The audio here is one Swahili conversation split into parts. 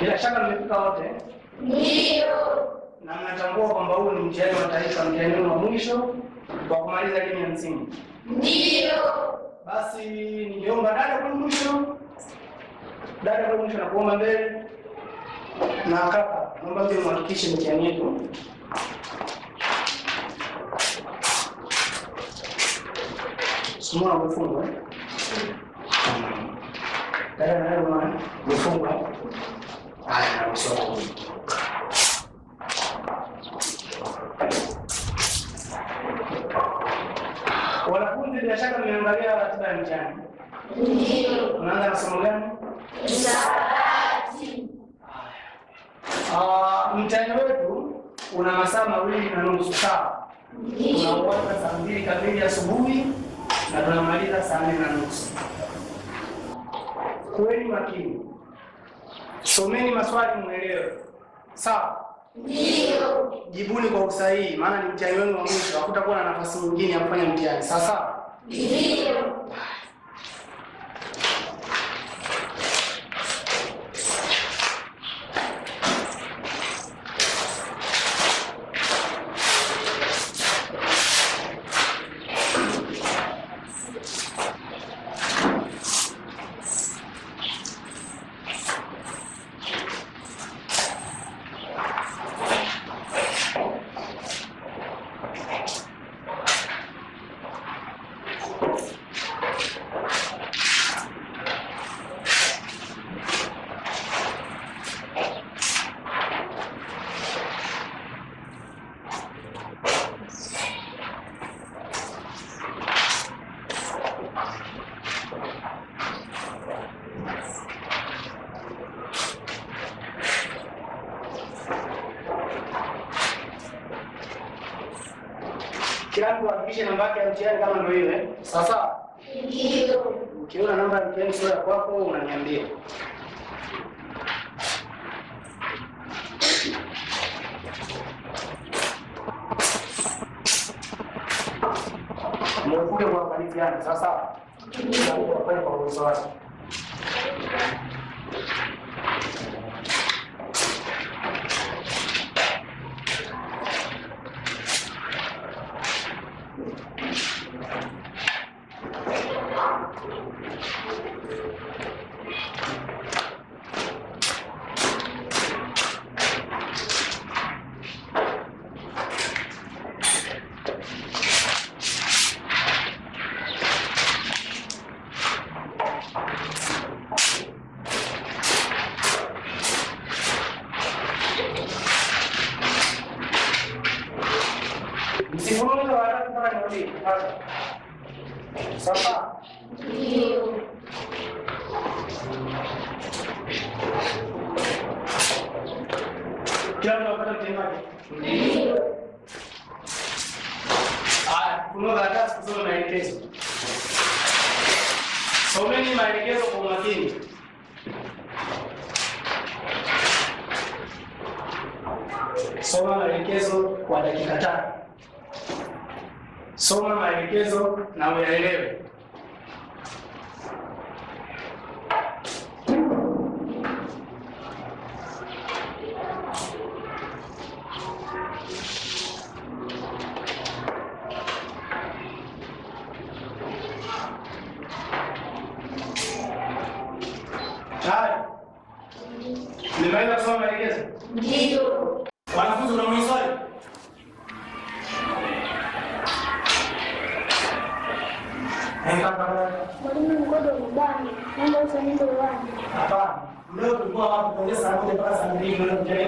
Bila shaka mmefika wote, ndio, na mnatambua kwamba huu ni mtihani wa taifa, mtihani wa mwisho kwa kumaliza elimu ya msingi. Ndio, basi ningeomba dada kwa mwisho, dada kwa mwisho, nakuomba mbele na kaka, naomba pia muhakikishe mtihani wetu simona umefungwa, dada, naomba umefungwa Haya, usoma huyu wanafunzi, bila shaka mmeangalia ratiba ya mtihani. Ndio unaanza na somo gani? Hisabati. Ah, mtihani wetu una masaa mawili na nusu sawa? Tunaanza saa mbili kamili asubuhi na tunamaliza saa nne na nusu. Kuweni makini Someni maswali mwelewe, sawa? Ndio. Jibuni kwa usahihi, maana ni mtihani wenu wa mwisho, hakutakuwa na nafasi nyingine ya kufanya mtihani. Sasa ndio yangu hakikisha namba yake ya mtihani kama ndio ile. Sasa ukiona namba ya mtihani sio ya kwako, unaniambia. Mwekule yani, sasa, kwa uwezo wake sasa? Sawa? Ndio. Kila mtu apata mtihani? Ndio. Ah, kuna karatasi kusoma maelekezo. Someni maelekezo kwa makini. Soma maelekezo kwa dakika tano soma maelekezo na uyaelewe. Nimeweza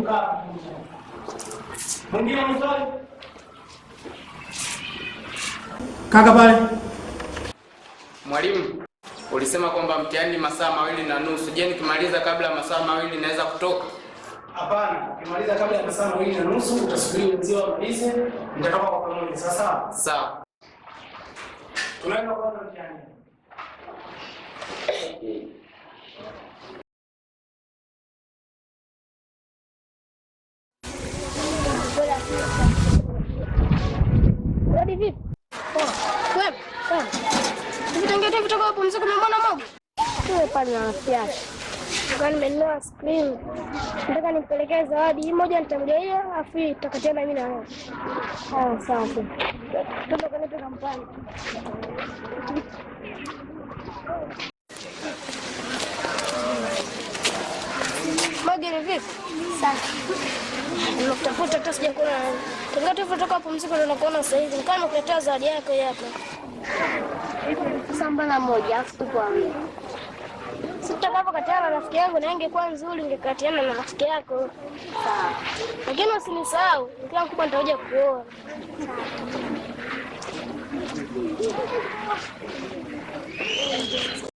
mpaka Mwingine mswali kaka pale. Mwalimu, ulisema kwamba mtihani masaa mawili na nusu. Je, nikimaliza kabla ya masaa mawili naweza kutoka? Hapana, ukimaliza kabla ya masaa mawili na nusu utasubiri mzee amalize, mtatoka kwa pamoja. Sasa sawa, tunaenda kwanza mtihani mapumziko unamwona mogo sio pale na rafiki Kwa nimenunua cream. Nataka nimpelekee zawadi. Hii moja nitamgawia, afu hii tutakatia na mimi na wewe. Ah, sawa. Tuko kwenye kampani. Magere vipi? Safi. Nimekutafuta hata sijakuona. Tangu tu kutoka hapo mziko ndio nakuona sasa hivi. Kama nimekuletea zawadi yako yako samba na moja afu tupo amna. Sitakapokatiana na rafiki yangu na ingekuwa nzuri ungekatiana na rafiki yako. Sawa. Lakini usinisahau, nikiwa mkubwa nitakuja kuoa. Sawa.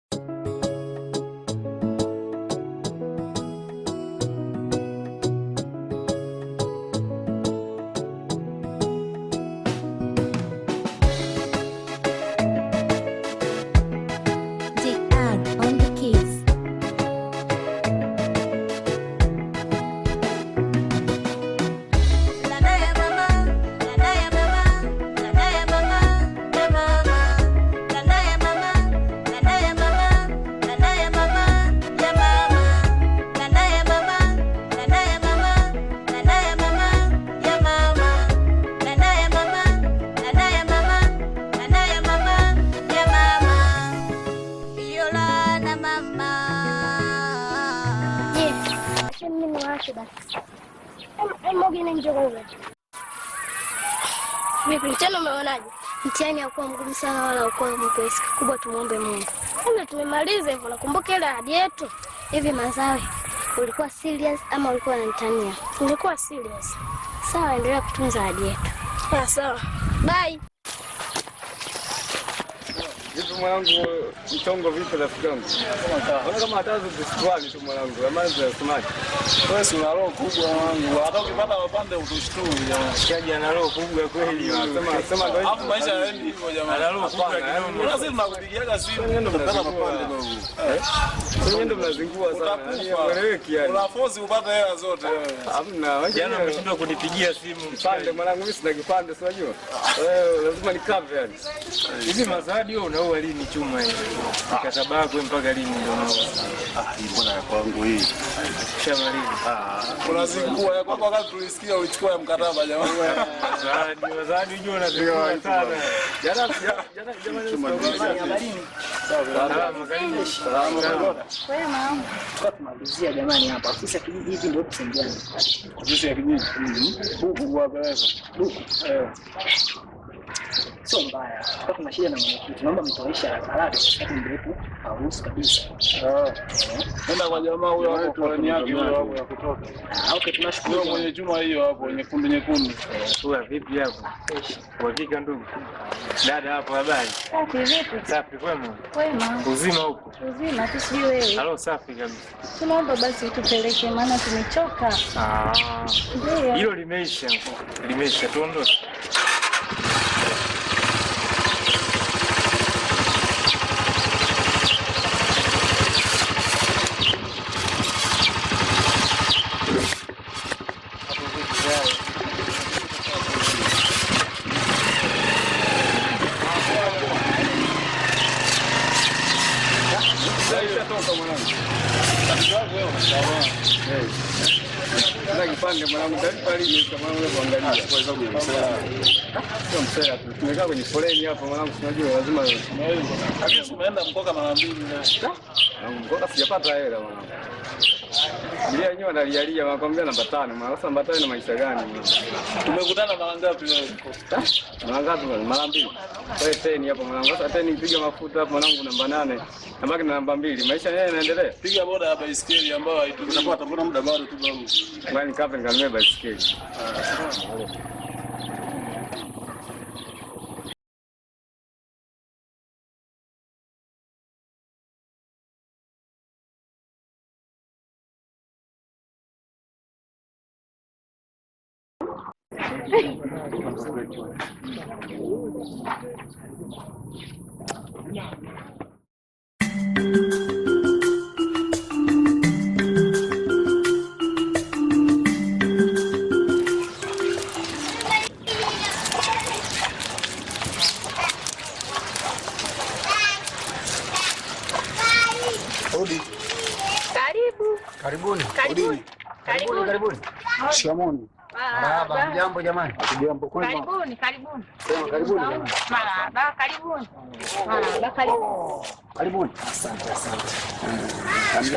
kabisa wala ukoo Kwa kiasi kikubwa tumuombe Mungu. Kama tumemaliza hivyo, nakumbuka ile ahadi yetu. Hivi Mazawe, ulikuwa serious ama ulikuwa unanitania? Ulikuwa serious. Sawa, endelea kutunza ahadi yetu. Sawa ah, sawa, bye tu mwanangu, eh, mchongo vipi rafiki yangu? Ona kama hatazo zisikwani tu mwanangu, amani zinasemaje? Wewe si una roho kubwa mwanangu, hata ukipata wapande utoshtuu jamaa. Shikaji ana roho kubwa kweli, anasema anasema ndio hapo maisha yaendi hivyo jamaa. Ana roho kubwa kidogo. Sasa sisi simu, ndio mnapata wapande ndio. Eh? Ndio mnazingua sana. Unaeleweki yani. Una force upate hela zote Hamna. Jana umeshindwa kunipigia simu. Pande mwanangu, mimi sina kipande, si unajua? Wewe lazima nikave yani. Hivi mazadi wewe unaoa lini chuma hiyo? Katabako mpaka lini ndio mama? Ah, mbona ya kwangu hii? Chama lini? Ah, kuna siku ya kwako wakati tulisikia uchukua ya mkataba jamani. Zawadi, zawadi unajua na unataka sana. Jana jana jamani chuma ni habarini. Salamu karibu. Salamu karibu. Kwema. Kwa jamani hapa. Ofisi kijiji hivi ndio kusaidiana. Ofisi ya kijiji. Huko kwa baraza. Huko. Eh sio mbaya. Kwa kuna shida na mwenyekiti, naomba mtoeshe haraka haraka, sababu mrefu hauruhusu kabisa. Nenda ah. kwa jamaa huyo hapo, kwa koloni yake huyo hapo ya kutoka. Ah, okay, tunashukuru kwa mwenye juma hiyo hapo, nyekundu nyekundu. Sura vipi hapo? Kwa kika ndugu. Dada hapo, habari? Safi vipi? Safi kwema. Kwema. Uzima huko. Uzima, tu tusi wewe. Halo, safi kabisa. Tunaomba basi utupeleke maana tumechoka. Ah. Hilo limeisha. Limeisha, tuondoke. swali kama wewe kuangalia. Ah, Msela tu. Tumekaa kwenye foleni hapo mwanangu, unajua lazima wewe. Lakini umeenda mkoka mara mbili. Ah, mkoka sijapata hela mwanangu. Bila yenyewe analialia wanakuambia namba tano. Mara sasa namba tano na maisha gani? Tumekutana mara ngapi leo? Mara ngapi? Mara mbili. Kwa hiyo teni hapo mwanangu. Sasa teni piga mafuta hapo mwanangu namba nane. Nabaki na namba mbili. Maisha yenyewe yanaendelea. Piga boda ya baiskeli ambayo haituzunguka, tutapata muda bado tu bado. Kwani kapi nikanunue baiskeli. Ah. Karibuni. Karibuni. Karibuni. Karibuni. Karibuni. Karibuni. Shikamoni. Marahaba, jambo jamani. Jambo kwema. Karibuni, karibuni. Sema karibuni Marahaba, karibuni. Marahaba, karibuni. Karibuni. Asante, asante.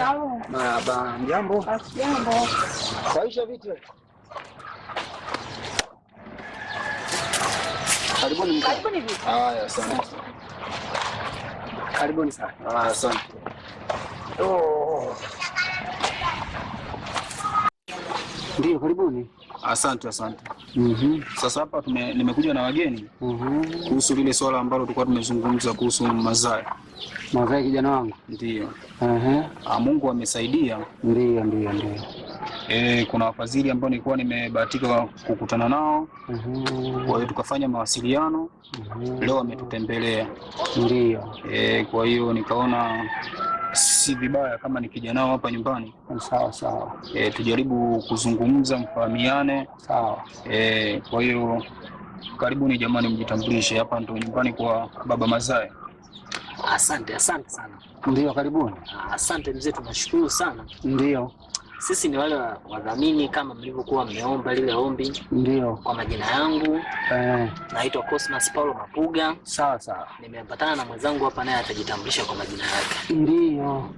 Marahaba, jambo. Jambo. Kaisha vitu. Karibuni. Karibuni vitu. Haya, asante. Karibuni sana. Ah, asante. Oh. Ndio, karibuni. Asante, asante. mm -hmm. Sasa hapa nimekuja na wageni mm -hmm. kuhusu lile swala ambalo tulikuwa tumezungumza kuhusu mazae mazae kijana wangu ndio. uh ah, -huh. Mungu amesaidia, ndio ndio ndio. E, kuna wafadhili ambao nilikuwa nimebahatika kukutana nao mhm. kwa hiyo tukafanya mawasiliano Mm-hmm. leo ametutembelea ndio. E, kwa hiyo nikaona si vibaya kama nikija nao hapa nyumbani. Sawa sawa. E, tujaribu kuzungumza, mfahamiane. Sawa. E, kwa hiyo karibuni jamani, mjitambulishe. Hapa ndo nyumbani kwa baba Mazae. Asante, asante sana. Ndio, karibuni. Asante mzee, tunashukuru sana. Ndio sisi ni wale wadhamini kama mlivyokuwa mmeomba lile ombi. Ndio. Kwa majina yangu eh, naitwa Cosmas Paulo Mapuga. Sawa sawa. Nimepatana na mwenzangu hapa, naye atajitambulisha kwa majina yake. Ndio.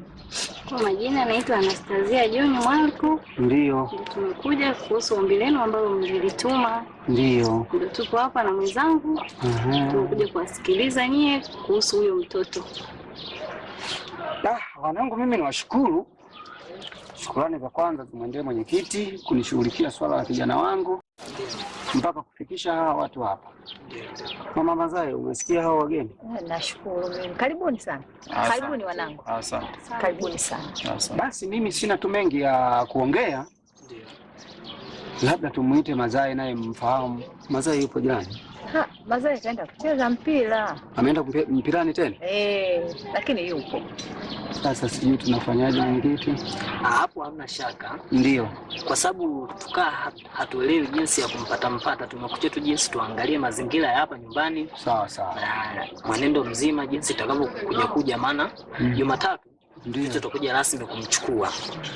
Kwa majina naitwa Anastasia John Marco. Ndio. Tumekuja kuhusu ombi lenu ambalo mlilituma. Ndio. tuko hapa na mwenzangu. Tumekuja kuwasikiliza nyie kuhusu huyo mtoto. Ah, wanangu mimi niwashukuru Shukurani za kwanza zimwendee mwenyekiti kunishughulikia swala la kijana wangu mpaka kufikisha hawa watu hapa. Mama Mazae, umesikia hao wageni? Nashukuru mimi. Karibuni sana. Karibuni wanangu. Asante. Karibuni sana. Asante. Basi mimi sina tu mengi ya kuongea. Ndio. Labda tumuite Mazae naye mfahamu. Mazae yupo jirani. Ha, Mazae kaenda kucheza mpira. Ameenda mpirani tena? Eh, lakini yupo. Sasa sijui tunafanyaje mwenyekiti. Hapo hamna shaka, ndio kwa sababu tukaa hatuelewi jinsi ya kumpata mpata. Tumekuja tu jinsi tuangalie mazingira ya hapa nyumbani, sawa sawa, mwenendo mzima jinsi itakavyokuja kuja, maana hmm. Jumatatu ndio tutakuja rasmi kumchukua.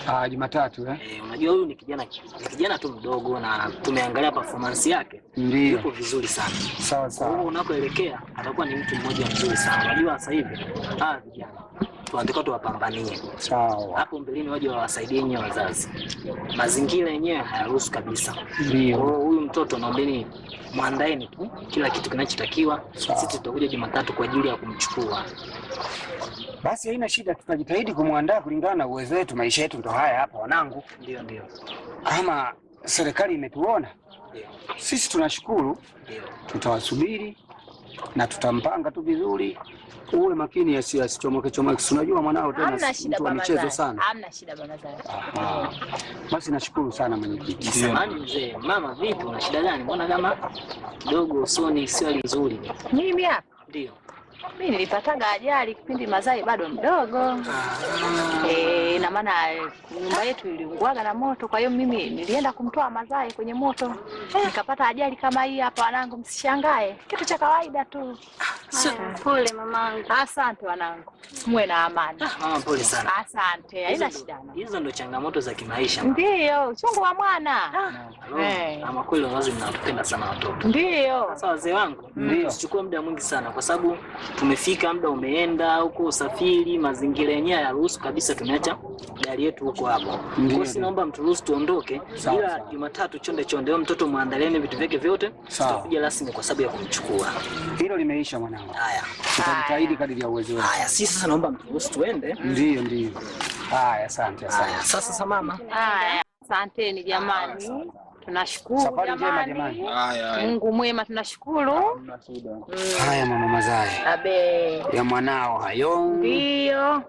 Ah, Jumatatu eh? Eh, unajua huyu ni kijana ni kijana tu mdogo na tumeangalia performance yake. Ndio. Yuko vizuri sana. Sawa sawa. Kwa hiyo unakoelekea atakuwa ni mtu mmoja mzuri sana. Unajua sasa hivi ah vijana tunatakiwa tuwapambanie, sawa. Hapo mbeleni waje wawasaidie nyinyi wazazi, mazingira yenyewe hayaruhusu kabisa. Ndio huyu mtoto naombeni mwandaeni tu kila kitu kinachotakiwa. Sisi tutakuja Jumatatu kwa ajili ya kumchukua. Basi haina shida, tutajitahidi kumwandaa kulingana na uwezo wetu. Maisha yetu ndo haya hapa, wanangu. Ndio, ndio, kama serikali imetuona sisi tunashukuru, tutawasubiri na tutampanga tu vizuri, uwe makini asichomoke chomoke. Unajua mwanao tena mtu wa michezo sana. Hamna shida baba zangu. Basi nashukuru sana mwenyekiti. Samahani mzee. Mama vipi, una shida gani? Mbona kama kidogo usoni sio nzuri? Mimi hapa. Ndio mi nilipataga ajali kipindi Mazai bado mdogo e, na maana nyumba yetu iliunguaga na moto. Kwa hiyo mimi nilienda kumtoa Mazai kwenye moto, eh. nikapata ajali kama hii hapa. Wanangu, msishangae, kitu cha kawaida tu. Ah, ah. Pole mamangu. Asante wanangu, muwe na amani. Mama pole sana. Asante, haina shida. Hizo ndo changamoto za kimaisha. Ndio uchungu wa mwana. Eh. Ama kweli wazazi mnawapenda sana watoto. Ndio sasa wazee wangu, msichukue muda mwingi sana kwa sababu tumefika, muda umeenda huko, usafiri, mazingira yenyewe hayaruhusu kabisa, tumeacha gari yetu huko hapo. Kwa hiyo naomba mturuhusu tuondoke, ila Jumatatu chonde chonde, mtoto muandalieni vitu vyake vyote, tutakuja rasmi kwa sababu ya kumchukua. Hilo limeisha mwanangu. Haya, tutajitahidi kadri ya uwezo wetu. Haya, sisi sasa naomba mturuhusu tuende. Ndio, ndio. Haya, asante, asante. Sasa sasa mama. Haya, asanteni jamani. Tunashukuru jamani, Mungu mwema, tunashukuru. Haya mama Mazae, ya mwanao hayo ndio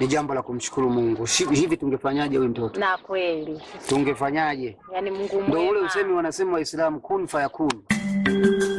ni jambo la kumshukuru Mungu. Hivi tungefanyaje huyu mtoto? Na kweli tungefanyaje? Yani Mungu mwema, ndio ule usemi wanasema Waislamu kun fayakun